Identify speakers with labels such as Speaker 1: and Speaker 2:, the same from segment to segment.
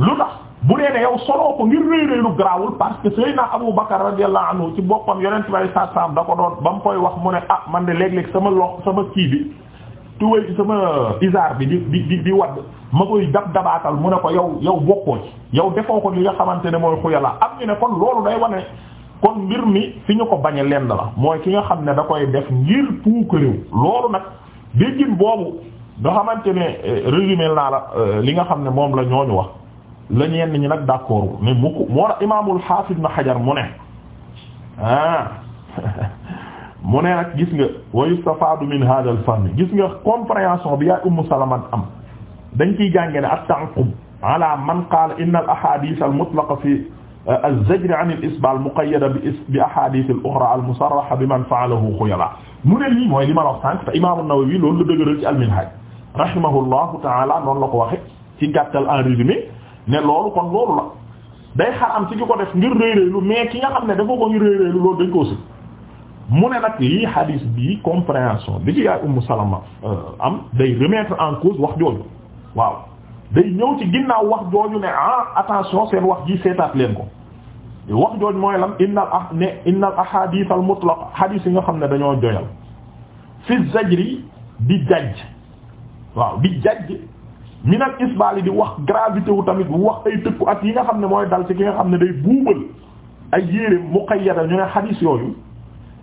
Speaker 1: lu tax bu dee ne soloo ko ngir réeréeru garaawul parce que Seydina Abu Bakar radiyallahu anhu ci boppam yonent bi sallallahu alayhi da ko doon ba mu koy wax mu ne ah man de léeg-léeg sama lox sama kii bi tuwéy ci sama isaar bi di di di di wadd ma koy dab dabaatal mu ne ko yow yow bokkoo ci yow defoo ko li nga xamante ne mooy xuyala am ñu ne kon loolu day wane kon mbir mi fi ñu ko bañe lenn la mooy ki nga xam ne da koy def ngir puuk réew loolu nag déggin boobu nga xamante ne eh, résumé eh, li nga xam ne moom la ñooñu wax la ñenn ñi nag d'accord mais mu ko moo tax imaamul Haafid Ibn Hajar mu ne ah mu ne nag gis nga wa yustafaadu min hadha al-fahm gis nga compréhension bi yaay Ummu Salama am dañ ciy jàngee ne at-ta'aqqub ala man qaala inna al-ahaadiith al-mutlaqa fi euh, az-zajr an al-isbaal muqayyada bi ahaadiith al-ukhra al-musarraha bi man fa'alahu khuyala mu ne lii mooy li ma la wax sànq te imaam an-Nawawi loolu la dëgëral ci al-Minhaaj rahimahullahu ta'ala noonu la ko waxe ci gàttal en résumé ne loolu kon loolu la day xaram ci ki ko def ngir lu mais ki nga xam ne dafa ko ngir réeréelu loolu dañ ko si mu ne nag lii hadis bi compréhension bi ci yaay Ummu Salama euh, am day remettre en cause wax jooju waaw day ñëw ci ginnaaw wax jooju ne ah attention seen wax ji seetaat leen ko wax jooju mooy lan innal ah ne innal ahadith al mutlaqa hadis yi nga xam ne dañoo joyal fi zajri di jajj waaw di jajj minal isbaali di wax gravité wu tamit wax ay tëkku ak yi nga xam ne mooy dal ci ki nga xam ne day buubal ay yére muqayyada ñu ne xadiis yooyu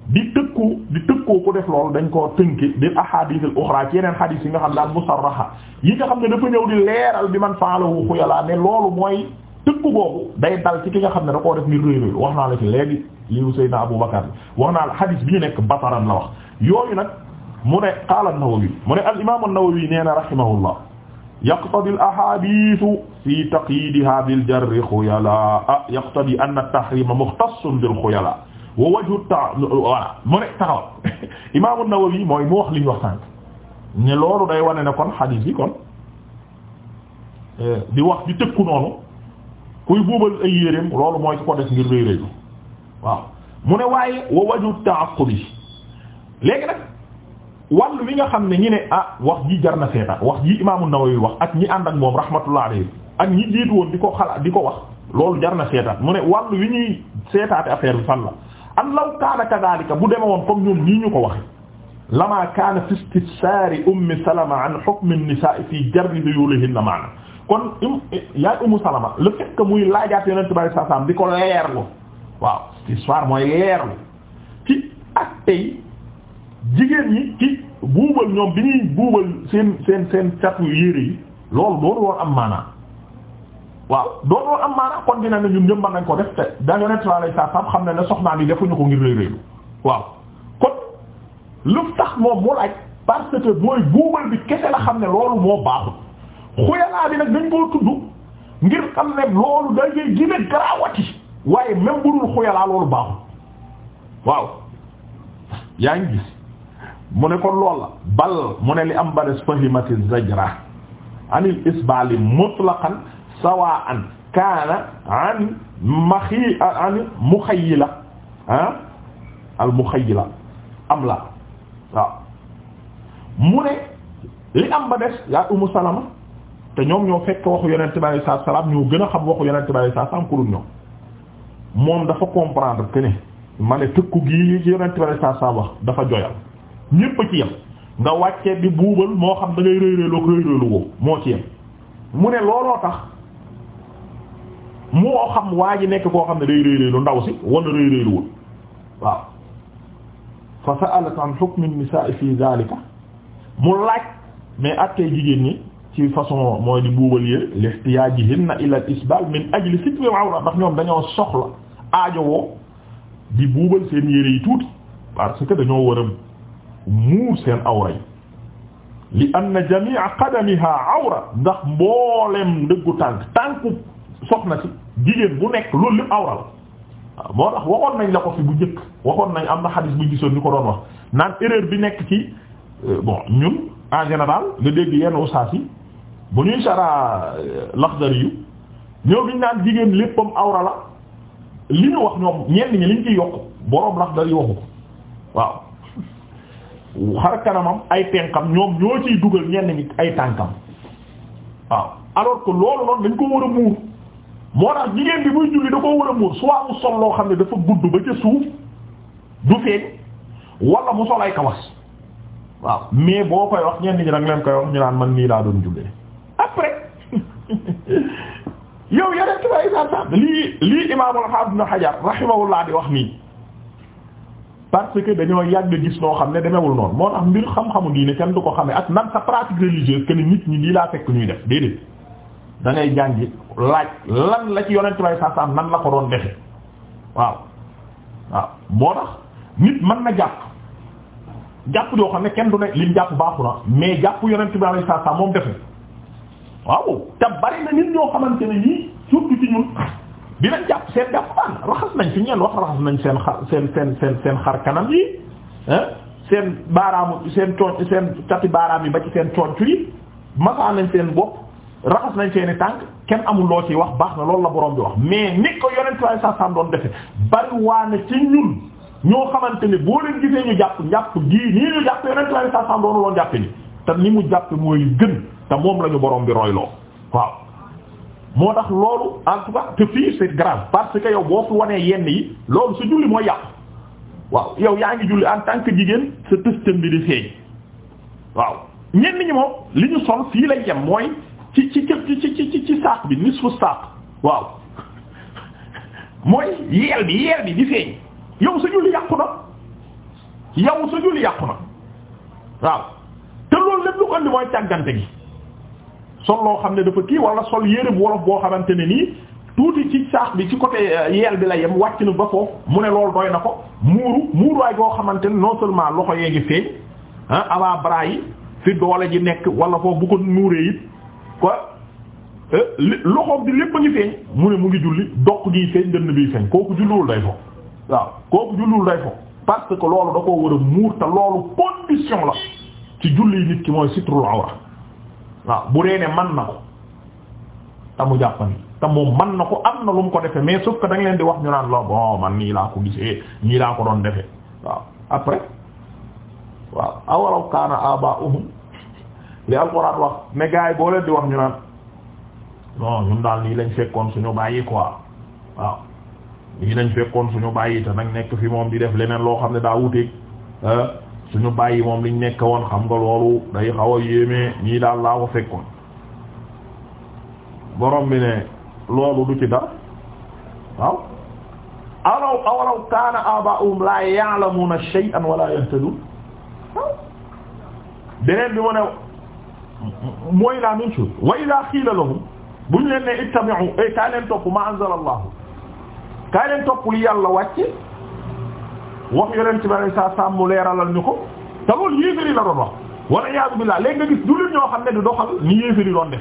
Speaker 1: di tëkku di tëkkoo ku def loolu dañ koo tënki di ahadith al ukhra ci yeneen xadiis yi nga xam ne daal musarraha yi nga xam ne dafa ñëw di leeral bi man faalahu xuyalaa ne loolu mooy tëkku boobu day dal ci ki nga xam ne da koo def ni réeréer wax naa la ci léegi liu Seydina Abu Bakar bi wax naa la xadiis bi ñu nekk bataran la wax yooyu nag mu ne qaala an mu ne al imam an-Nawawi nee na rahimahullah yaqtadi al ahadithu fi taqyidi hadha al jarri xuyala ah, yaqtadi anna tahrima muxtassun bil xuyala wa wajhu ta voilà mu ne taxaw imaamu Nawawi mooy mu wax li ñu wax sànq ne loolu day wane ne kon xadiis bi kon eh, di wax di tëkku noonu kuy buubal ay yéreem loolu mooy ki ko def ngir réy réylu waaw mu ne waaye wa wajhu ta'aqqubi léegi nag wàll wi nga xam ne ñi ne ah wax ji jar na seetaan wax ji imaamu Nawawi wax ak ñi ànd ak moom rahmatullah alayhi ak ñi jiitu woon di ko xalaat di ko wax loolu jar na seetaan mu ne wàll wi ñuy seetaate affaire bi fan la an law kaana kadhalika bu deme woon comme ñoom nii ñu ko wax lama kaana fi istifsaari ummi salama an hukm an-nisaa fi jarri duyulihinna maana kon yaay ummu muy laajaat yonent bi saa saam di ko leerlu waaw istisfaar mooy leerlu ci ak tey jigéen ñi ci buubal ñoom bi ñuy buubal seen seen seen catu yére yi loolu doon woon am maanaa waaw doon woon am maanaa kon dina ne ñun ñëpp nañ ko def te daa yonent sallallahu alayhi wasallam xam ne ne soxnaan yi defuñu ko ngir réeréelu waaw kon lu tax moom mu laaj parce que mooy buubal bi kese la xam ne loolu moo baaxul xuyalaa bi nag dañ koo tudd ngir xam ne loolu da ngay gine garawati waaye même bu dul xuyalaa loolu baaxul waaw yaa ngi gis mu ne kon lool la bal mu ne li am bades fahimati zajra anil isbali mutlaqan sawaan kaana an maxi an muxayila ah al muxayila am la waaw mu ne li am ba yaa umu salama te ñoom ñoo fekk waxu yonent bi alayhi salaam ñoo gën a xam waxu yonent bi alayhi salaatu salaam ku dul ñoom moom dafa comprendre que ne ma ne tëkku gii yonent bi alayhi salaam wax dafa joyal ñépp ci yem nga wàcce di buubal moo xam da ngay réyréelu ak réyréelu ko moo ci yem mu ne looloo tax moo xam waa ji nekk koo xam ne day réyréelu ndaw si wala réyréeluwul waaw fa sa'alat an hukm an-nisaa fi dhalika mu laaj mais attey jigéen ñi ci façon mooy di buubal yére lihtiyajihinna ila al-isbal min ajli sitril awra ndax ñoom dañoo soxla aajo woo di buubal seen yére yi tuuti parce que dañoo war a muur seen awra yi li anna jami'a qadamiha awra ndax mboolem ndëggu tànk tànku soxna si jigéen bu nekk loolu lépp awra la waaw moo tax waxoon nañ la ko fi bu njëkk waxoon nañ am na xadis bu gisoon ñu ko doon wax naan erreur bi nekk ci euh, bon ñun en général nga dégg yenn ustaas yi bu ñuy sara euh, Laxdari yu ñëw biñ naan jigéen léppam awra la li wax ñoom ñenn ñi liñ ciy yokk boroom Laxdari waxu ko waaw xar kanamam ay tànkam ñoom ñoo ciy dugal ñenn ñi ay tànkam waaw alors que loolu noonu dañ ko war a muur moo tax jigéen bi muy julli da koo war a muur soit mu sol loo xam ne dafa gudd ba ca suuf du feeñ wala mu sol ay kawas waaw mais boo koy wax ñenn ñi nag nga leen koy wax ñu naan man nii laa doon jullee après yow yeneen tubaab yi daal lii lii imaamul Ibn Hajar laa di wax nii. parce que dañoo yàgg gis noo xam ne demewul noonu moo tax mbir xam-xamu diine kenn du ko xam ne ak nan sa pratique religieuse que nit ñi lii laa fekk ñuy def déedéet da ngay jàngi laaj lan la ci yonent bay saasaam nan la ko doon defe waaw waaw moo tax nit mën na jàpp jàpp doo xam ne kenn du ne lim jàpp baaxu na mais jàpp yonent bay saasaam moom defe waaw te bari na nit ñoo xamante ne nii surtout ci ñun dinañ jàpp seen jàpp baax raxas nañ fi ñeen wax raxas nañ seen xar seen seen seen seen xar kanam yi seen baaraamu seen coon seen cati baaraam yi ba ci seen cooncu yi masaa nañ seen bopp raxas nañ seeni tànk kenn amul loo ci wax baax na loolu la boroom bi wax mais ni ko yonent waaye sa sam doon defe bari waane ci ñun ñoo xamante ni boo leen gisee ñu jàpp njàpp gii nii ñu jàpp yonent waaye sa sam doonu loon jàppe te ni mu jàpp mooy gën te moom la ñu borom bi royloo waaw moo tax loolu en tout cas te fii c'est grave parce que yow boo fi wanee yenn yi loolu su julli mooy yàqu waaw yow yaa ngi julli en tant que jigéen sa tëstam bi di feeñ waaw ñenn ñi moom li ñu sol fii lay yem mooy ci ci ci ci ci ci saaq bi nisfu saaq waaw mooy yeel bi yeel bi di feeñ yow sa julli yàqu na yow sa julli yàqu na waaw te loolu lépp lu ko andi mooy càggante gi sol loo xam ne dafa kii wala sol yére bu wolof boo xamante ne nii tuuti ci saax bi ci côté euh, yeel bi la yem wàcc na ba foofu mu ne loolu doy na ko muuru muuruwaay goo xamante ne non seulement loxo yee gi feeñ ah avant bras yi fi doole gi nekk wala foofu bu ko muuree it quoi euh, loxoom bi lépp a ngi feeñ mu ne mu ngi julli doq gi feeñ dënn bi feeñ kooku julliwul day foofu waaw kooku julliwul day foofu parce que loolu da koo war muur te loolu condition la ki mooy sitrul waaw bu dee ne man na ko te jàppandi te moom man na ko am na lu mu ko defe mais sauf que leen di wax ñu naan la bon man nii laa ko gisee nii laa ko doon defee waaw après waaw awalaw kaana abaa'uhum li alxuraan wax ne boo leen di wax ñu naan non ñun daal nii lañ fekkoon suñu bàyyi quoi waaw nii lañ fekkoon suñu bàyyi te nag nekk fi moom di def leneen loo xam ne daa wuteeg suñu bàyyi moom liñ nekk woon xam nga loolu day xaw a yéeme laa ko fekkoon borom bi loolu du ci dara waaw alaw awalaw aba'uhum la ya'lamuna shay'an wala yahtadun waaw beneen bi mu ne la même chose wa idha qila lahum ne ittabi'u ay eh, kaay leen ma anzala allah kaay leen topp li wax yonent bi alayhi salaam mu leeralal ñu ko te loolu yéeféri la doon wax wala yaadu billah léegi nga gis jullit ñoo xam ne du doxal ni yéeféri doon def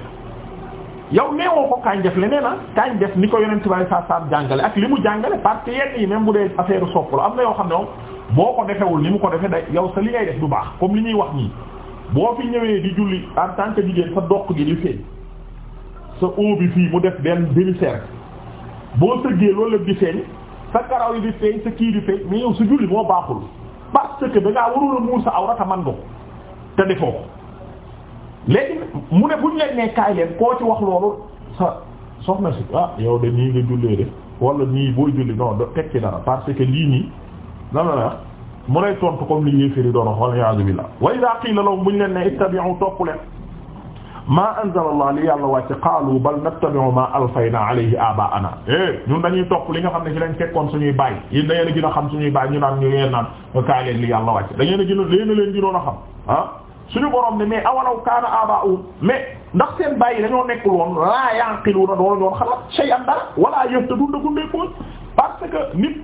Speaker 1: yow neewoo ko kañ def leneen ah kañ def ni ko yonent si alayhi salaam jàngale ak li mu jàngale parce que yenn yi même bu dee affaire sopp la am na yoo xam ne moom boo ko defewul ni mu ko defee day yow sa li ngay def du baax comme li ñuy wax nii boo fi ñëwee di julli en tant que jigéen sa doq gi di feeñ sa óo def benn demi boo sëggee loolu la di sa karaw yi di feeñ sa kii di feeñ mais yow sa julli moo baaxul parce que da ngaa warul a muur sa awra te man léegi mu ne bu leen nee leen koo ci wax loolu sa soxna si ah yow de nii nga jullee de wala nii booy julli non da teg ci dara parce que lii nii lan la wax mu lay tontu comme li yéeféri doon wax wala yaasu billah wa iza qila lahum bu ñu leen ne topp leen maa anzala Allah li yàlla wàcce qaalu bal nattabi'u maa alfayna alayhi abaana eh, ñun dañuy topp li nga xam ne ci lañ fekkoon suñuy baay yéen da ngeen a gën a xam suñuy baay ñu naan ñu ngeen naan kaay leen li yàlla wàcce da ngeen a gën a leen leen gënoon a xam ah suñu borom ne mais awalaw kaana abaa'u mais ndax seen baay yi dañoo nekkul woon laa yaqiluuna doon ñoon xalaat shay'an dara wala yahtaduna gundee ko parce que nit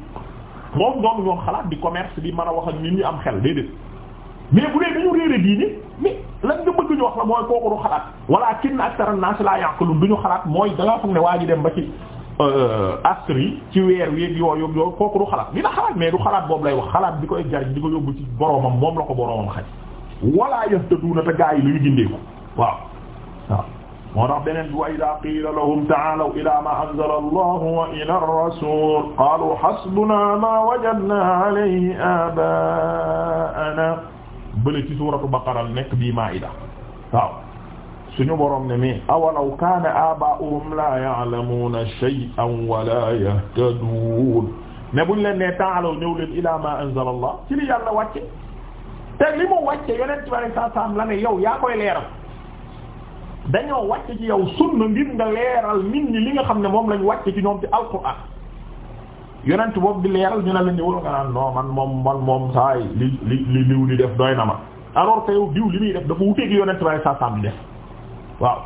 Speaker 1: moom doon ñoon xalaat di commerce di mën a wax ak nit ñi am xel déedéet mais bu dee dañu réere diine mais lan la mooy kooku du xalaat walakin aktaran nas la yaqulun du ñu xalaat mooy da ngaa foog ne waa ba ci euh, astri ci weer wi yooyu yooyu kooku du xalaat dina xalaat mais du xalaat boobu lay wax xalaat bi koy jariñ di ko yóbbu ci boromam moom la ko boromam xaj walaa yahtaduuna te gaa yi lu waaw waaw moo tax beneen bi wa ida qiila lahum taalaw ila ma anzala allahu wa ila ar-rasul qaalu hasbuna ma wajadna alayhi bële ci suuratu baqara nekk bii maida waaw suñu borom ne mi awalaw kaana abaa'uhum la ya'lamuuna shay'an wa la yahtaduun mais buñ leen ne ta'aalaw ñëw leen ilaa ma anzala allah ci li yàlla wàcce te li mu wàcce yonent bi alayhi la ne yow yaa koy leeral dañoo wàcce ci yow sunna ngir nga leeral nit li nga xam ne moom lañ wàcce ci ñoom ci alquraan yonent boobu di leeral ñu ne la ñëwul nga naan non man moom man moom saa yi li li li diw di def doy na ma alors que yow diw li muy def dafa wuteeg yonent bi saa saa di def waaw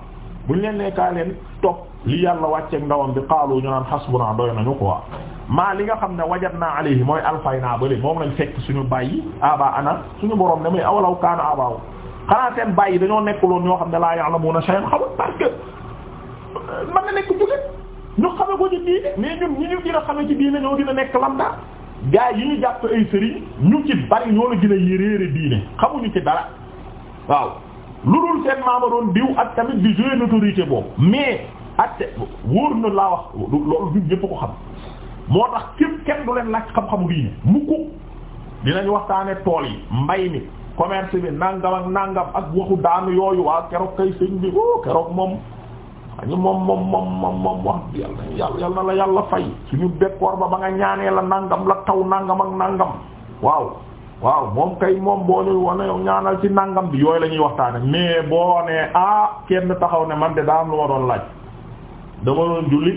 Speaker 1: buñ leen nekkaa leen topp li yàlla wàcceeg ndawam bi xaalu ñu naan xasbuna doy nañu quoi maa li nga xam ne wajadna alayhi mooy alfay naa bële moom lañ fekk suñu bàyyi aba ana suñu borom ne muy awalaw kaanu abaaw xanaa seen bàyyi dañoo nekkuloon ñoo xam ne laa ya'lamuna shay'an na nekk jullit ñu xame ko ci diine mais ñun ñi ñu gën a xame ci diine ñoo gën a nekk lambda gaa yi ñu jàpp ay sëriñ ñu ci bari ñoo la gën a yéreere diine xamuñu ci dara waaw lu dul seen maama diw ak tamit di jouer l'autorité boobu mais ak wóor na laa wax loolu ñun ko xam moo tax képp kenn du leen laaj xam-xamu diine mukk dinañ waxtaane tool yi mbay mi commerce bi nangam ak nangam ak waxu daanu yooyu waa keroog kay sëñ bi o keroog moom añu moom moom moom moom moom wax yàlla yàlla yàlla la yàlla fay suñu bekkoor ba ba nga ñaanee la nàngam la taw nàngam ak nàngam waaw waaw moom kay moom boo ñu wane ñaanal ci nangam bi yooyu lañuy ñuy waxtaane mais boo nee ah kenn taxaw ne man de daa am lu ma doon laaj dama doon julli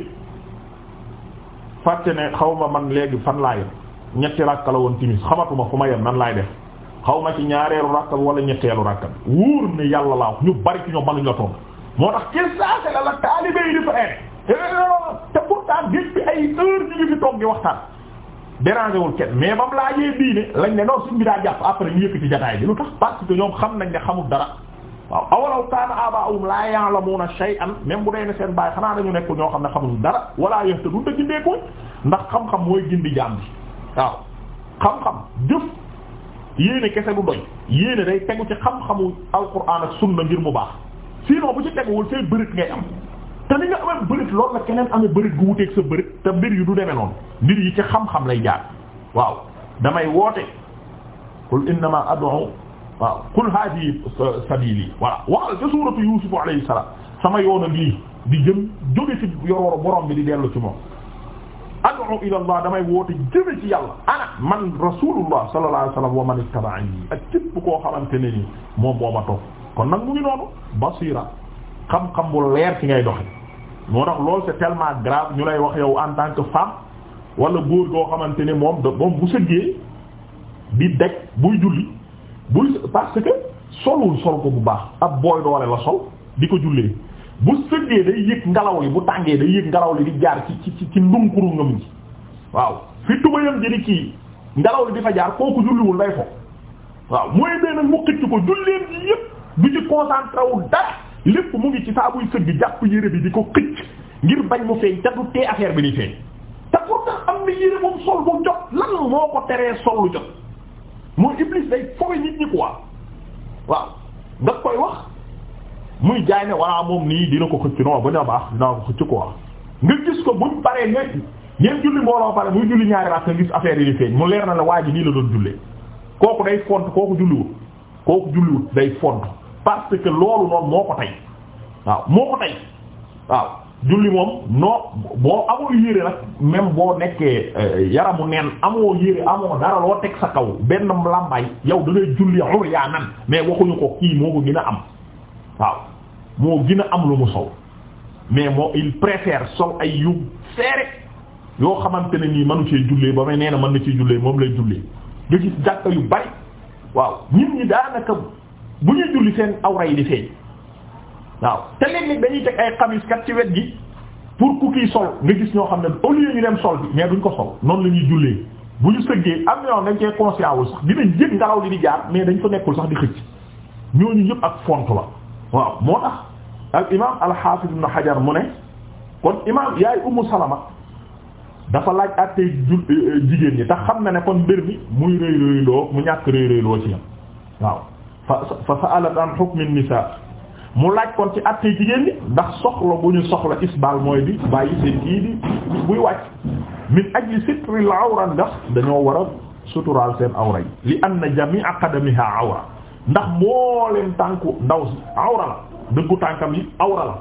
Speaker 1: fàtte ne xaw man léegi fan laa yem ñetti rakk la woon timis xamatuma fu ma yem man laay def xaw ma ci ñaareelu rakk bi wala ñetteelu rakk bi wóor ne yàlla laa wax bari ci ñoom mënuñ la moo tax ci saase la la taalibe yi di fa eh, te pourtant bi ay heure ñu ngi fi toog di waxtaan dérangé wul kenn mais ba laa laajee diine lañ ne non suñ bi daa jàpp après ñu yëkkati jotaay bi lu tax parce que ñoom xam nañ ne xamul dara waaw awalaw kaana abaahum laa ya'lamuuna shay'an même bu dee ne seen baay xanaa dañu nekk ñoo xam ne xamul dara wala yahtadun te gindeeku ndax xam-xam mooy gindi jaam bi waaw xam-xam jëf yéene kese du doy yéene day tegu ci xam-xamu alquran ak sunna ngir mu baax. sinon bu ci teguwul say bërit ngay am te ni nga amee bërit loolu la keneen amee bërit gu wuteeg sa bërit te mbir yu du demee noonu mbir yi ci xam lay jaar waaw damay woote qul innama ad'u waaw qul hadi sabili voilà waxal ca suuratu yuusufu alayhi salaam sama yoona lii di jëm jóge ci yorooru borom bi di dellu ci moom ad'u ila allah damay woote jëme ci ana man rasulullah sallallahu alayhi wasallam wa man ittaba'ani ak képp koo xamante ne ni moom moo ma kon nag mu ngi noonu basira xam-xam bu leer ci ngay doxe moo tax loolu c'est tellement grave ñu lay wax yow en tant que femme wala góor goo xamante ne moom da moom bu sëggee di daj buy julli buy parce que solul sol ko bu baax ab booy doole la sol di ko jullee bu sëggee day yëg ngelaw li bu tàngee day yëg ngalaw li di jaar ci ci ci ndunkuru ngam ji waaw fi tubayam jëri kii ngelaw li di fa jaar kooku julliwul lay fo waaw mooy bee nag mu xëcc ko julleen ji du ci concentré wu dara lépp mu ngi ci saa buy sëgg jàpp yére bi di ko xëcc ngir bañ mu feeñ te du tee affaire bi di feeñ te pourtant am na yére moom sol bu jot lan moo ko teree sol lu jot mooy iblis day fowe nit ñi quoi waaw nga koy wax muy jaay ne walla moom nii dina ko xëcc non ba ne baax dinaa ko xëcc quoi nga gis ko buñ paree ñooy ñeent julli mbooloo pare muy julli ñaari raaf nga gis affaire yi di feeñ mu leer na la waa ji nii la doon jullee kooku day font kooku julliwut kooku julliwut day parce que loolu noonu moo ko tey waaw moo ko tey waaw julli moom noo boo amul yére nag même boo nekkee euh, yaramu neen amoo yére amoo dara loo teg sa kaw benn làmbaay yow da ngay julli xur yaa nan mais waxuñu ko kii moo ko gën a am waaw moo gën am lu mu sow mais moo il préfère sol ay yu seere yoo xamante ne nii mënu cee jullee ba may nee na mën na cee jullee moom lay jullee nga jàkka yu bari waaw nit ñi daanaka bu ñuy julli seen awra yi di feeñ waaw te léeg dañuy teg ay xamis kat ci wet gi pour ku kii sol nga gis ñoo xam ne au lieu ñu dem sol bi mais duñ ko sol noonu lañuy ñuy jullee bu ñu sëggee am na yoon dañ cee conscient wul sax dinañ yëg ngelaw li di jaar mais dañ fa nekkul sax di xëcc ñooñu ñëpp ak font la waaw moo tax al imam al hafiz ibn hajar mu ne kon imam yaay ummu salama dafa laaj àttee jigéen ñi tax xam na ne kon mbir mi muy rëy rëyloo mu ñàkk rëy rëyloo ci yam waaw fa fa sa'alat an hukm an-nisa mu laaj kon ci attey jigéen ñi ndax soxla bu ñu soxla isbal mooy bi bàyyi seen kii bi buy wàcc min ajli sitril awra ndax dañoo war a suturaal seen awra yi li anna jami'a qadamiha awra ndax moo leen tànku ndaw si awra la dëggu tànkam yi awra la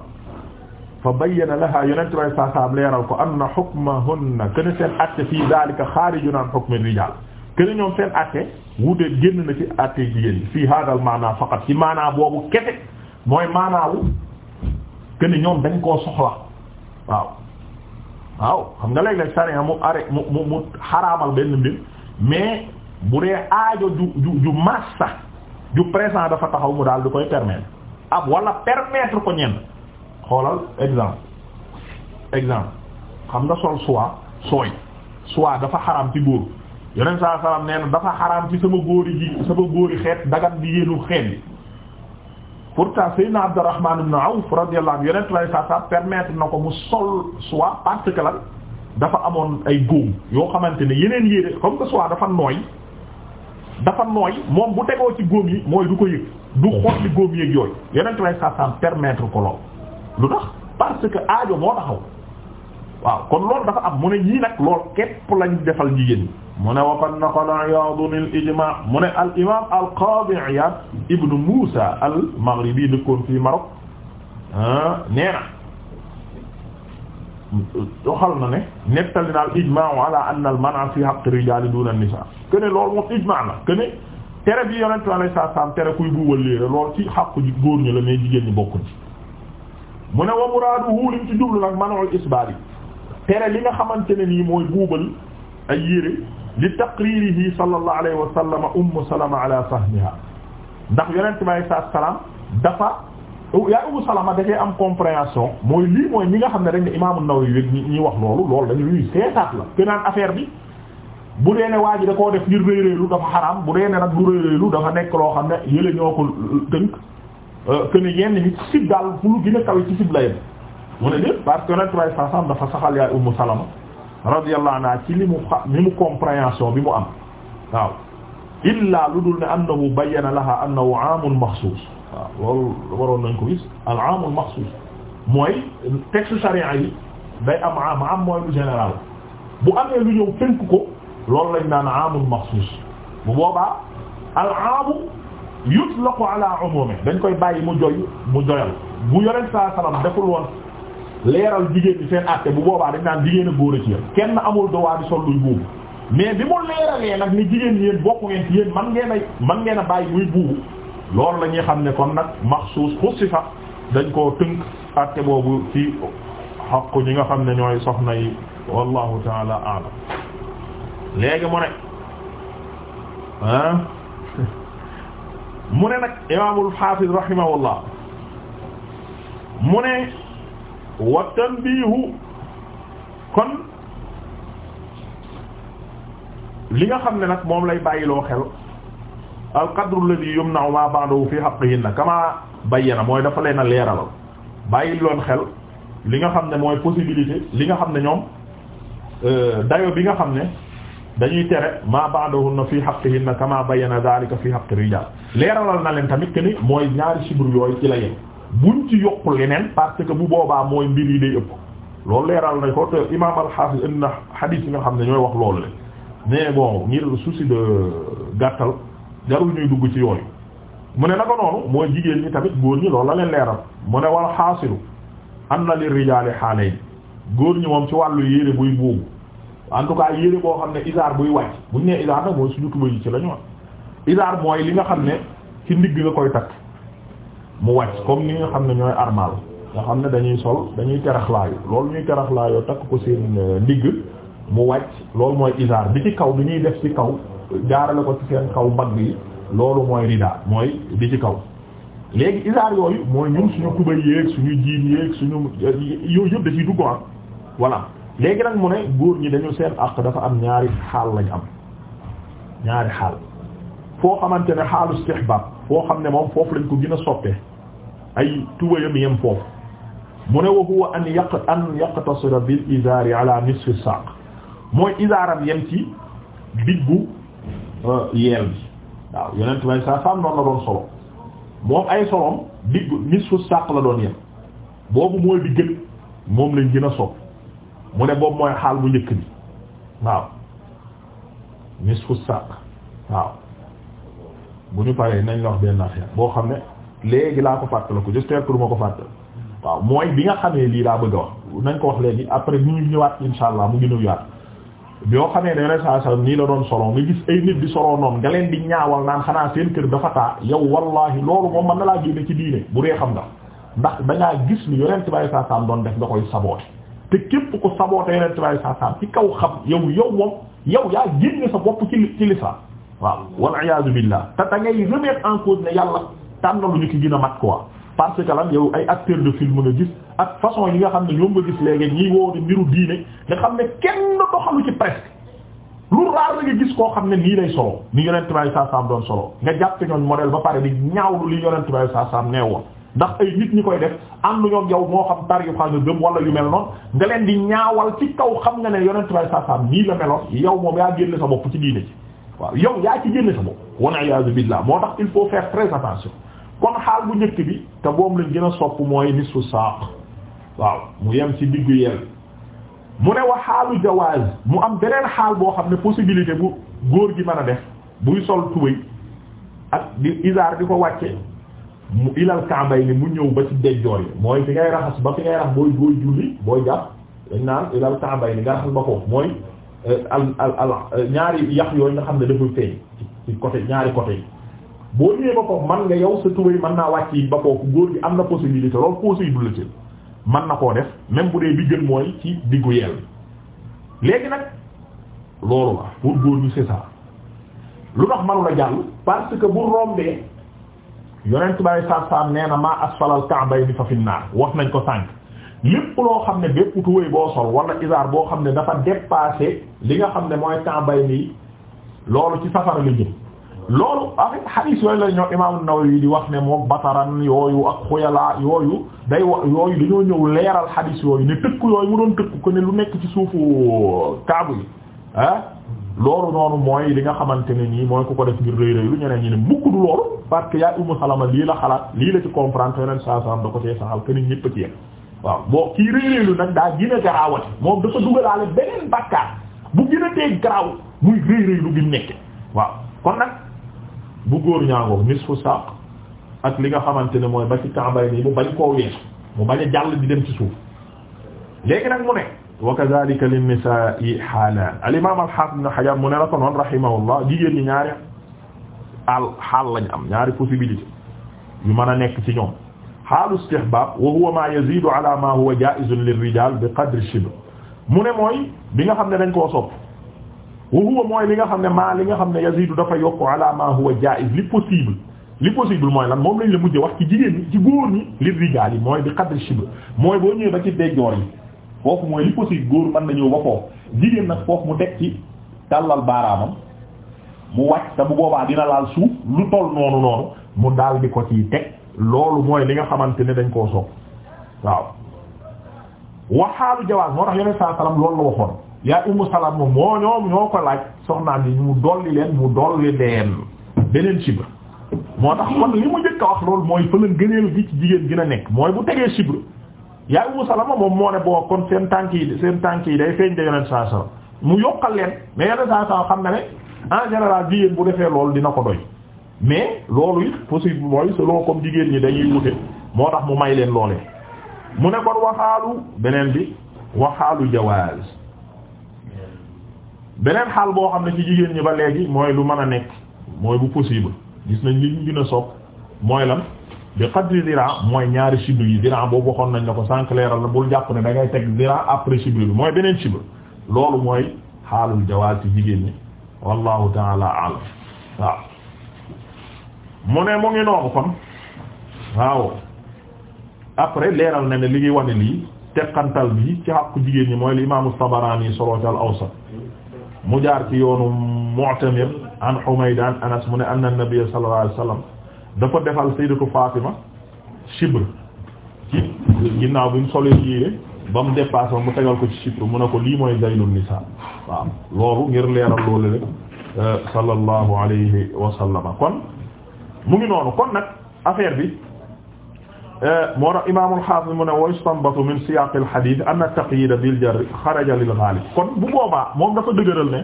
Speaker 1: fa bayyana laha yonente way sa saam leeral ko anna hukmahunna kana seen atte fii dhalika xaarijun an hukmi rijal kene ñoom seen àtte wuute génn na ci àtte jigéen fii haadal maanaa faqat ci maanaa boobu kese mooy maanaawu kene dañ koo soxla waaw waaw xam nga léeg-léeg sariya mu are mu mu mu xaraamal benn mbir mais bu dee aajo ju ju ju massa ju présent dafa taxaw mu daal du koy permettre ab wala permettre ko ñenn xoolal exemple exemple xam nga sol soie soie dafa xaraam ci góor yeneen saa salaam nee na dafa xaraam ci sama góori ji sama góori xeet dagat di yéenu xeet bi pourtant Seydina Abdurrahman ibn Awf radiyallahu anhu yeneen tubaab saa saa permettre na ko mu sol soit parce que dafa amoon ay góom yoo xamante ne yeneen yére comme que soit dafa nooy dafa nooy moom bu tegoo ci góom yi mooy du ko yëg du xool li góom yëg yooyu yeneen tubaab saa saa permettre ko lool lu tax parce aajo moo taxaw. waaw kon loolu dafa am mu ne ñii nag lool képp lañ defal jigéen ñi mu ne wa qad naqala Iyaad al ijma' mu ne al imam al qaadi Iyaad ibn Muusa al Maghribi dëkkoon fii Maroc ah, nee na doxal na ne nettali daal ijma' ala anna al man'a fi haqq rijaal duna nisaa kene loolu moom ijma' na kene tere bi yonent bi alayhi salaatu salaam tere kuy buubal léera lool ci xàqu góor ñi la mais jigéen ñi bokkuñ mu ne wa muraaduhu lim ci jublu nag man'ul isbaal yi tere li nga xamante ne nii mooy buubal ay yére li taqririhi sallallahu alayhi wa sallam ummu salama ala fahmiha ndax yonent bi alayhi salaatu salaam dafa yaa salama da am compréhension mooy lii mooy ñi nga xam ne dañ ne imaamu Nawawi wég ñi wax loolu loolu dañu luy seetaat la te naan affaire bi bu dee ne waa ji da koo def ngir réyréylu dafa xaraam bu dee ne nag du réyréylu dafa nekk loo xam ne yële ñoo ko tënk euh, que ne yenn ñi sib daal fu lu gën a kawe mu ne déet parce que yonent way saasam dafa saxal yaay Ummu Salama radiyallahu anha ci li mu xa li mu compréhension bi mu am waaw illaa lu dul ne annahu bayyana laha annahu aamun maxsuus waaw loolu waroon nañ ko gis al aamul maxsuus mooy texte charia yi day am am am mooy lu général bu amee lu ñëw tënk ko loolu lañ naan aamul maxsuus bu boobaa al aamu yutlaqu ala umumi dañ koy bàyyi mu joy mu joyal bu yonent saa salaam deful woon leeral jigéen ñi seen àtte bu boobaa dañ naan jigéen góor a ci yéen kenn amul droit di sol luy buubu mais bi mu leeralee nag ni jigéen ñi yéen bokk ngeen ci yéen man ngeen a man ngeen a bàyyi muy buubu loolu lañuy xam ne kon nag maxsuus xussifa dañ koo tënk àtte boobu ci xaqu ñi nga xam ne ñooy soxna yi wallahu taala alam léegi mu ne ah mu ne nag imaamul xaafiz rahimahullah mu ne wa tanbiihu kon li nga xam ne nag moom lay bàyyiloo xel al qadru alladhi yumna'u ma ba'dahu fi na kama bayyana mooy dafa leen a leeralal bàyyil loon xel li nga xam ne mooy possibilité li nga xam ne ñoom euh, dayo bi nga xam ne dañuy tere ma ba'dahunna fi haqqihinna kama bayyana dhalika fi haqqi rijal leeralal na leen tamit que ni mooy ñaari sibru yooyu ci la yem buñ ci yokk yeneen parce que bu boobaa mooy mbir yi day ëpp loolu leeral nañ ko te imaam al-Hafiz indi na xadiis yi nga xam ne ñooy wax loolu le mais bon ngir souci de gàttal jarul ñuy dugg ci yooyu mu ne naka noonu mooy jigéen ñi tamit góor ñi loolu la leen leeral mu ne wal xaasilu anna li rijaali yi góor ñi moom ci wàllu yére buy boobu en tout cas yére boo xam ne isaar buy wàcc buñ nee isaar nag mooy suñu tuba yi ci la ñu wax isaar mooy li nga xam ne ci ndigg nga mu wàcc comme ni nga xam ne ñooy armal nga xam ne dañuy sol dañuy teraxlaayu loolu ñuy teraxlaayoo takk ko seen euh, ndigg mu wàcc loolu mooy isaar bi ci kaw bi ñuy def ci kaw jaarale ko ci seen kaw mbagg yi loolu mooy rida mooy di ci kaw léegi isaar yooyu mooy ñun suñu kubay yéeg suñu jiin yéeg suñu yooyu yëpp dafiy dugg am ah. voilà léegi nag mu ne góor ñi dañu seen àq dafa am ñaari xaal lañu am ñaari xaal foo xamante ne xaalu istihbab foo xam ne moom foofu lañ ko gën a soppe ay tubayam yem foofu mu ne wa huwa an yaq an yaqtasira bil izari ala nisfi saq mooy izaaram yem ci diggu euh, yeel bi waaw yeneen may saa saam noonu la doon solo moom ay solom diggu nisfu saq la doon yem boobu mooy bi moom lañ gën a sopp mu ne boobu mooy xaal bu njëkk bi waaw nisfu saq waaw bu ñu paree nañ la wax benn affaire boo xam ne léegi laa ko fàttaliku j'espère que du ma ko fàttal waaw mooy bi nga xamee lii laa bëgg wax nañ ko wax léegi après bu ñu ñëwaat insha allah mu ngi ñëwaat yoo xamee ne rek saa nii la doon solo nga gis ay nit di solo noonu nga leen di ñaawal naan xanaa seen kër dafa taa yow wallahi loolu moom mën na laa génne ci diine bu dee xam nga ndax dangaa gis lu yonent bi saa saam doon def nga koy saboote te képp ko saboote yonent bi saa saam ci kaw xam yow yow moom yow yaa génne sa bopp ci ci waaw wal iyaazu billah te da ngay remettre en cause ne yàlla tànnaluñu ki gën a mat quoi parce que lan yow ay acteur de film nga gis ak façon yi nga xam ne ñoom nga gis léegi ñiy woo di mbiru diine nga xam ne kenn doxalu ci presque lu raar la nga gis koo xam ne nii lay solo ni yonent bi saa saam doon solo nga jàpp ñoon modèle ba pare di ñaawlu li yonent bi saa saam nee woon ndax ay nit ñi koy def am na ñoom yow moo xam tar yu xam ne gëm wala yu mel noonu nga leen di ñaawal ci kaw xam nga ne yonent bi saa saam nii la meloon yow moom yaa génne sa bopp ci diine waaw yow yaa ci génne sa bopp wan iyaazu billah moo tax il faut faire très attention xaal bu njëkk bi te boobu lañ gën a sopp mooy nisfu saaq waaw mu yem ci diggu yel mu ne wa xaalu jawaaz mu am beneen xaal boo xam ne possibilité bu góor gi mën a def buy sol tubëy ak di isaar di ko wàcce mu ilal kàmbay ni mu ñëw ba ci dejjoor yi mooy fi ngay raxas ba fi ngay rax booy booy julli booy jàpp dañ naan ilal kàmbay ni nga raxas ba foofu mooy Euh, al al al euh, ñaari yax yooyu nga xam ne dafay feeñ ci côté ñaari côté yi boo ñëwee ba ko man nga yow sa tubay man naa wàcc yi ba kooku góor gi am na possibilité loolu possibilité mën na koo def même bu dee bi gën mooy ci diggu yeel léegi nag loolu la pour góor ñu c'est ça lu tax manu la jàll parce que bu rombee yonent bay saat saam nee na maa asfalal ka'bayni fa fi wax nañ ko sànk lépp loo xam ne bépp tuwéy boo sol wala isaar boo xam ne dafa dépassé li nga xam ne mooy temps bay nii loolu ci safara la jëm loolu avec hadith yooyu la ñoo imaamu Nawawi di wax ne moom bataran yooyu ak xuyalaa yooyu day wax yooyu dañoo ñëw leeral hadith yooyu ne tëkk yooyu mu doon tëkk ko ne lu nekk ci suufu kaabu yi ah loolu noonu mooy li nga xamante ne nii mooy ku ko def ngir rëy rëy lu ñeneen ñi ne mukk du loolu parce que yaa Salama lii la xalaat lii la saa saa da ko see ñëpp waaw boo kii réeréelu nag daa gën a garaawati moom dafa dugalaale beneen bàkkaar bu gën a tee muy réeréelu bi nekke waaw kon nag bu góor ñaango nisfu saq ak li nga xamante ne mooy ba ci kàmbay nii mu bañ koo weesu mu bañ jàll di dem ci suuf léegi nag mu ne wa kadhalika linnisai xaalan al imam alhafid ibn Hajar mu ne la ko noon rahimahullah jigéen ñi ñaari al xaal lañ am ñaari possibilité yu mën a nekk ci ñoom xaalu istihbaab wa huwa ma yazidu ala ma huwa jaizun lirrijal bi qadri shibr mu ne mooy bi nga xam ne dañ koo sopp wa huwa mooy li nga xam ne maa li nga xam ne yazidu dafa yokk ala ma huwa jaiz li possible li possible mooy lan moom lañ la mujjee wax ci jigéen ñi ci góor ñi lirrijal yi mooy bi qadri shibr mooy boo ñëwee ba ci déjjoor yi foofu mooy li possible góor mën nañu ba foofu jigéen nag foofu mu teg ci tàllal baaraamam mu wàcc te bu boobaa dina laal suuf lu daal di ko loolu mooy li nga xamante ne dañ koo sopp waaw waxaalu jawaaz moo tax yeneen saa salaam loolu la waxoon yaa umu salaam moom moo ñoom ñoo ko laaj soxnaan yi mu dolli leen mu dolli leen beneen sibr moo tax kon li mu njëkk a wax loolu mooy fële ngëneelu gi ci jigéen gën a nekk mooy bu tegee sibr yaa umu salaam moom moo ne boo kon seen tànk yi seen tànk yi day feeñ de yeneen saa salaam mu yokkal leen mais yeneen saa salaam xam na ne en général jigéen bu defee loolu dina ko doy mais loolu it possible mooy selon comme jigéen ñi dañuy wute moo tax mu may leen loolee mu ne kon waxaalu beneen bi waxaalu jawaaz beneen xaal boo xam ne ci jigéen ñi ba léegi mooy lu mën a nekk mooy bu possible gis nañ li ñu gën a sopp mooy lan bi qadri dira mooy ñaari sibir yi dira boobu waxoon nañ la ko sans clairal la bul jàpp ne da ngay teg dira après sibir bi mooy beneen sibir loolu mooy xaalul jawaaz ci jigéen ñi wallahu taala alam waaw mu ne mu ngi noonu kon waaw après leeral na ne li ngi wane lii teqantal bi ci xàqu jigéen ñi mooy li imaamu Tabaraani soloo ca al-Awsat mu jaar ci yoonu Mu'tamir an Humayd an Anas mu ne anna Nabiyya sallallahu alayhi wasallam dafa defal sayyidatu Fatima shibr ci ginnaaw bi mu solee yére ba mu dépassé mu tegal ko ci shibr mu ne ko lii mooy zaylun nisaa waaw loolu ngir leeral loolu le euh, sallallahu alayhi wa kon mu ngi noonu kon nag affaire bi euh, moo tax imaamul xaafis mu ne wa istanbatu min siyaaqil xadiis anna taqyiida bil jarri xaraja kon bu boobaa moom dafa dëgëral ne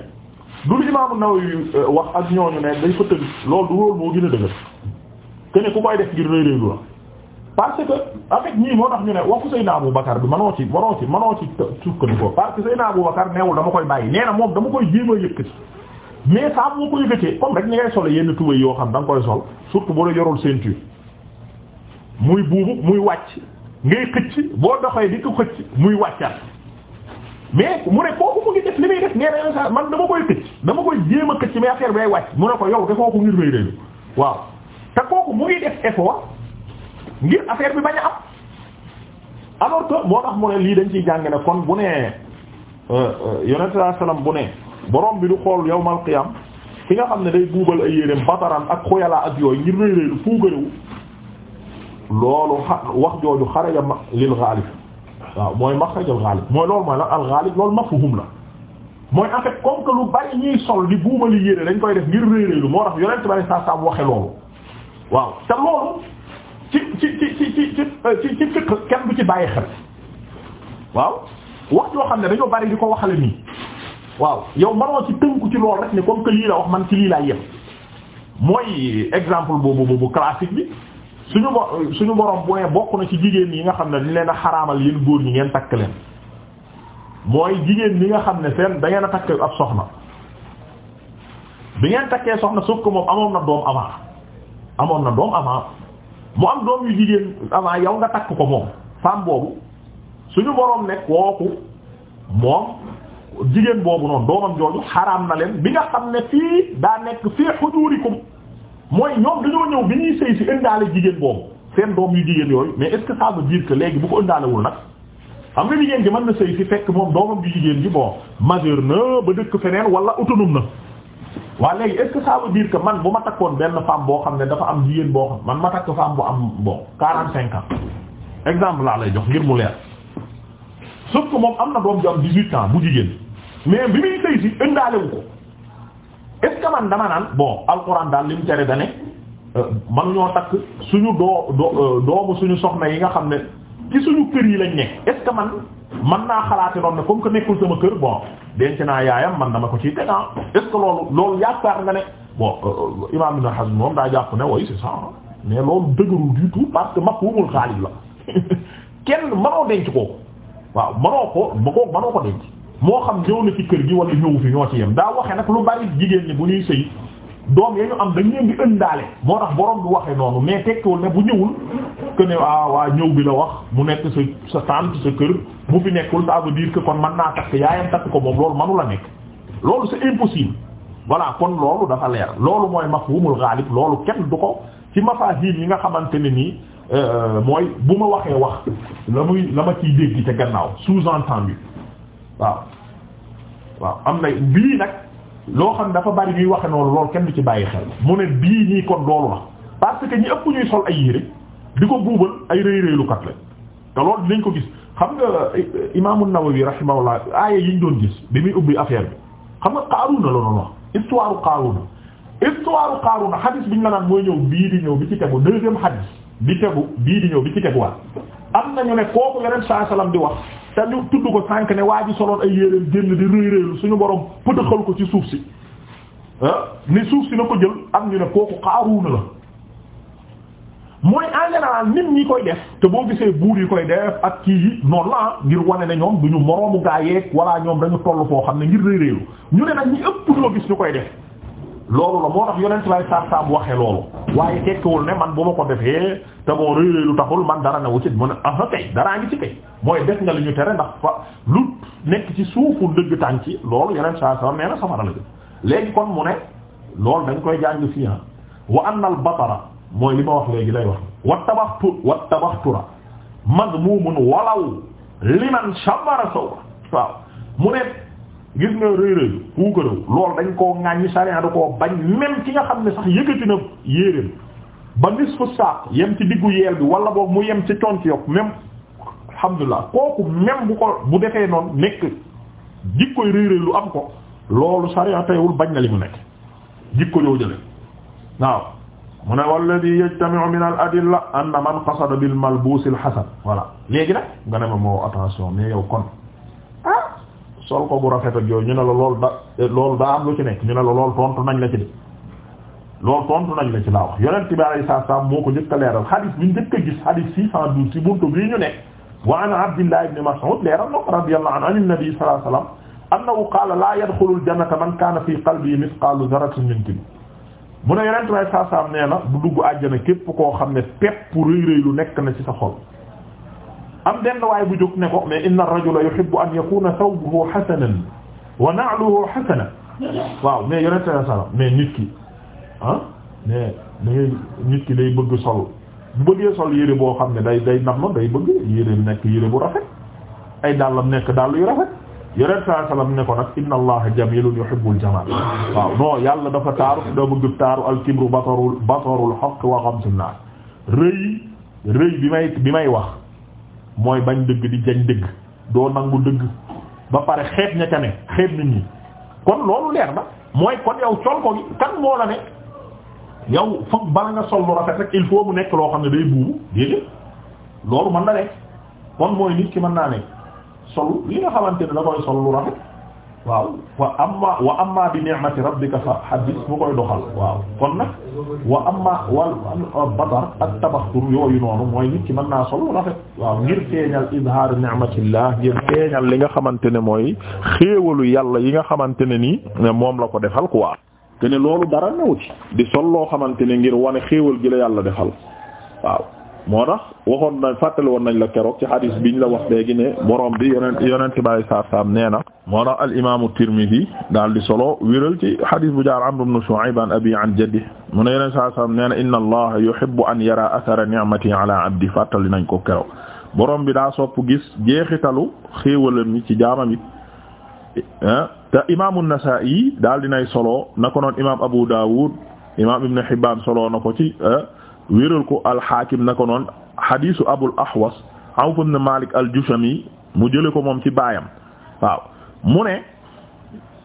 Speaker 1: du lu imaamu Nawawi euh, wax ak ñooñu ne day fa tëgg loolu du loolu moo gën a dëgër te ku koy def ngir rëy rëylu la parce que avec ñii moo tax ñu ne waxu Seydina Abu Bakar bi manoo ci manoo ci manoo ci sukkandiku parce que Seydina Abu neewul dama koy bàyyi nee moom dama koy jéem a yëkkati mais saa boo ko yëkkatee comme rek ni ngay solo yenn tubéy yoo xam da nga koy sol surtout boo la yorul ceinture muy buubu muy wàcc ngay xëcc boo doxee di ko muy wàccaat mais mu ne kooku mu ngi def li muy def nee na sa man dama koy xëcc dama koy jéem a xëcc mais affaire bay wàcc mu ne ko yow defoo ko ngir may réyu waaw te kooku mu ngi def affaire bi bañ a am alors moo tax mu ne lii dañ ciy jàng ne kon bu ne euh, euh, yonent sallam bu ne borom bi du xool yawmal qiyam ki nga xam ne day buubal ay yéreem bataran ak xoyalaa ak yooy ngir rëy rëy fuugarewu loolu xa wax jooju xaraja lil ghalib waaw mooy maxrajal ghalib mooy loolu mooy la al loolu la mooy en fait comme que lu bari ñuy sol di buubali yére dañ koy def ngir rëy rëy lu moo tax yonent bari saa saa waxe loolu waaw te loolu ci ci ci ci ci ci kenn du ci bàyyi xel waaw wax joo xam ne dañoo bari di ko waxale nii waaw yow manoo ci tënku ci lool rek ne comme que lii la wax man ci lii laa yem mooy exemple boobu bu classique bi suñu bo suñu borom bu ne bokk na ci jigéen yi nga xam ne dañ leen a xaraamal yéen góor ñi ngeen takk leen mooy jigéen ñi nga xam ne seen da ngeen a takk ab soxna bi ngeen takkee soxna suuf ko moom amoon na doom avant amoon na doom avant mu am doom yu jigéen avant yow nga takk ko moom femme boobu suñu borom ne kooku moom jigéen boobu noonu doomam jooju xaraam na leen bi nga xam ne fii daa nekk fii xujurikum mooy ñoom dañoo ñëw bi ñuy sëy si indaale jigéen boobu seen doom yu jigéen yooyu mais est-ce que ça veut dire que léegi bu ko indaalewul nag xam gi mën na sëy si fekk moom doomam yu jigéen gi bon majeur na ba dëkk feneen wala autonome na waa léegi est-ce que ça veut dire que man bu ma takkoon benn femme boo xam ne dafa am jigéen boo xam man ma takk femme bu am bon quarante cinq ans exemple laa lay jox ngir mu leer sauf que moom am na doom ju am dix-huit ans bu jigéen mais bi muy sëy si indaale wu ko est-ce que man dama naan bon alxuraan daal li tere da euh, man ñoo takk suñu doo doo euh, doomu suñu soxna yi nga xam ne ci suñu kër yi lañ nekk est man man naa xalaate noonu ne comme que nekkul sama kër bon denc naa yaayam man dama ko ci teg ah est-ce que loolu loolu yaakaar nga ne bon euh, imam Ibn Hazm moom daa jàpp ne oui c'est ça ah. mais loolu dëgërul du parce que mafhumul xaalis la kenn mënoo denc kooku waaw mënoo ko ba kooku mënoo ko denc moo xam ñëw na ci kër gi wala ñëwu fi ñoo ci yem daa waxe nag lu bari jigéen ñi bu ñuy sëy doom ya ñu am dañ leen di ëndaale moo tax borom bi waxee noonu mais tekkiwul ne bu ñëwul que ne waa ah waa ñëw bi la wax mu nekk sa sa tante sa kër bu fi nekkul ça veut diir que kon mën naa takk yaayam takk ko moom loolu manu la nekk loolu c'est impossible voilà kon loolu dafa leer loolu mooy mafhumul ghalib loolu kenn du ko ci mafahim yi nga xamante ne nii euh, mooy bu ma waxee wax la la ma ciy dégg ca gannaaw sous-entendu waaw waaw am na bii nag loo xam dafa bari ñuy waxe noonu loolu kenn du ci bàyyi xel mu ne bii ñii kon loolu la parce que ñi ëpp ñuy sol ay yére di ko buubal ay rëy rëylukat la te loolu dinañ ko gis xam nga eh, eh, imaamu Nawawi rahimahullah aaya yi ñu doon gis bi muy ubbi affaire bi xam nga Qaaruna la doon wax histoire Qaaruna na Qaaruna hadis bi ñu la naan mooy ñëw bii di ñëw bi ci tegu deuxième hadis bi tegu bii di ñëw bi ci teguwaat am nañu ne kooku yeneen saa di wax te ñu tudd ko sànq ne waa ji soloon ay yéreem génn di réy réylu suñu borom pëtëxal ko ci suuf si ah ni suuf si na ko jël am ñu ne kooku xaaruuna la mooy en général nit ñi koy def te boo gisee buur yi koy def ak kii yi noonu la ah ngir wane ne ñoom du ñu moroomu gaa yeeg walla ñoom dañu toll foo xam ne ngir réy ñu ne nag ñi ëpp ñoo gis ñu koy def loolu la moo tax yonent lay saab-saab waxee loolu waaye tekkiwul ne man bu ma ko defee te boo réeréer lu taxul man dara ne wu ci mu ne ah kay daraa ngi ci kay mooy def nga li ñu tere ndax fa lu nekk ci suufu dëgg tànk ci loolu yonent saa saa nee na safara la jëm léegi kon mu ne loolu dañ koy jàng fii ah wa annal batara mooy li ma wax léegi lay wax wa tabaxtu wa tabaxtura mazmumun walaw liman shabara sawba waaw mu ne gis nga rëy rëy puukarew loolu dañ koo ŋàññi sariya da koo bañ même ki nga xam ne sax yëkkati na yéeréem ba nisfu saaq yem ci diggu yeel bi wala boobu mu yem ci conc yokk même alhamdulilah kooku même bu ko bu defee noonu nekk jikkoy rëy lu am ko loolu sariya teewul li mu nekk jikko yoo jële waaw mu ne walladi yajtami'u min al adilla anna man qasada bil malbuusil hasan voilà léegi nag nga ne ma moo attention mais yow kon sol ko bu rafet ak yooyu ñu ne la loolu da loolu daa am lu ci nekk ñu ne la loolu tontu nañ la ci de loolu tontu nañ la ci laa wax yonent bi alayhi salaam moo ko njëkk a leeral hadith bi njëkk a gis hadith 612 ci buntu bii ñu nekk wa an Abdullah ibn Mas'ud leeral na radiyallahu anhu an nabi sallallahu alayhi wasallam annahu qaala laa yadxulul jannata man kaana fii qalbihi mithqaalu dharratin min kibr mu ne yonent bi alayhi salaam nee na bu dugg àjjana képp koo xam ne pepp réy nekk na ci sa xol am benn waay bu jóg ne ko mais inna ar-rajula yuhibbu an yakuna thawbuhu hasanan wa na'luhu hasanan waaw mais yonent sallallahu alayhi wasallam mais nit ki ah mais da ngay nit ki day bëgg sol bu bëggee sol yére boo xam ne day day nam day bëgg yére nekk yére bu rafet ay dàllam nekk dàll yu rafet yonent sallallahu alayhi wasallam ne ko nag inna allaha jamilun yuhibbul jamal waaw non yàlla dafa taaru da bëgg taaru al-kibru batarul batarul haqq wa ghamsun nas rëy rëy bi may bi may wax mooy bañ dëgg di jañ dëgg doo nangu dëgg ba pare xeet ña ca ne xeet nit ñi kon loolu leer na mooy kon yow col ko gi kan moo la ne yow foog bala nga sol lu rafet rek il faut mu nekk loo xam ne day buubu déedéet loolu mën na nekk kon mooy nit ki mën naa ne sol li nga xamante ne da koy sol lu rafet waaw wa amma wa amma bi ni'mati rabbika fa hadith mu koy doxal waaw kon nag wa amma wal batar ak yooyu noonu mooy nit ki mën naa solo rafet waaw ngir feeñal izhaar ni'matillah ngir feeñal li nga xamante ne mooy xéewalu yàlla yi nga xamante ne nii moom la ko defal quoi te ne loolu dara new ci di sol loo xamante ne ngir wane xéewal gi la yàlla defal waaw moo tax waxoon nañ woon nañ la keroog ci hadis biñ la wax léegi ne borom bi yonent yonent bàyyi saar saam nee na moo tax al imaamu daal di solo wéral ci hadis bu jaar Amr ibn Shu'ayb an abi an jaddi mu ne yonent saar saam nee na inna allaha yuhibbu an yara athara ni'mati ala fàttali nañ ko keroog borom bi daa sopp gis jeexitalu xéewalam mi ci jaamam it te imaamu Nasaa'i daal dinay solo na ko noon imaam Abu Dawud imaam Ibn Hibbaan solo na ko ci wéral ko alxaakim na ko noon xadiisu abul ahwas Awf ibn Malik al mu jële ko moom ci baayam waaw mu ne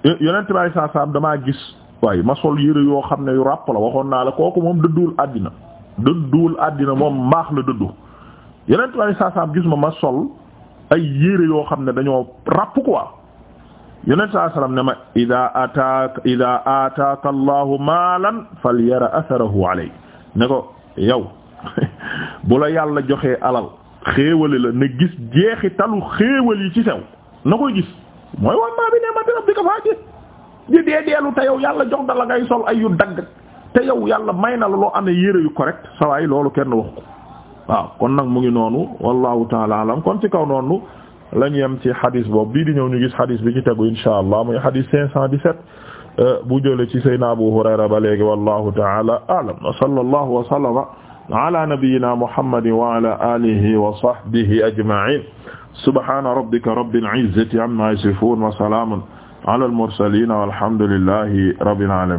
Speaker 1: yonent baay saa saam damaa gis waaye ma sol yére yoo xam ne yu ràpp la waxoon naa la kooku moom dëdduwul àddina dëdduwul àddina moom maax la dëddu yonent baay saa saam gis ma ma sol ay yére yoo xam ne dañoo ràpp quoi yonent saa ne ma idaa ataaka idaa ataaka allahu maalan falyara atharahu alayhi ne ko yow bu la yàlla joxee alal xéewale la ne gis jeexitalu xéewal yi ci sew na koy gis mooy wax maa bi ne ma dina bi ko faa gis dee deelu te yow yàlla jox da la ngay sol ay yu dagg te yow yàlla may na la loo amee yére yu correct sawaay loolu kenn wax ko waaw kon nag mu ngi noonu wallahu taala alam kon ci kaw noonu lañu yem ci xadis boobu bii di ñëw ñu gis xadis bi ci tegu insha allah muy xadis cinq cent dix-sept bu jële ci sayyidina Abu Hurayra ba léegi wallahu ta'ala a'lam wa sallallahu wa sallama ala nabiyyina Muhammadin wa ala alihi wa sahbihi ajma'in subhana rabbika rabbil izzati amma yasifun wa salamun ala al mursalin walhamdulillahi rabbil alamin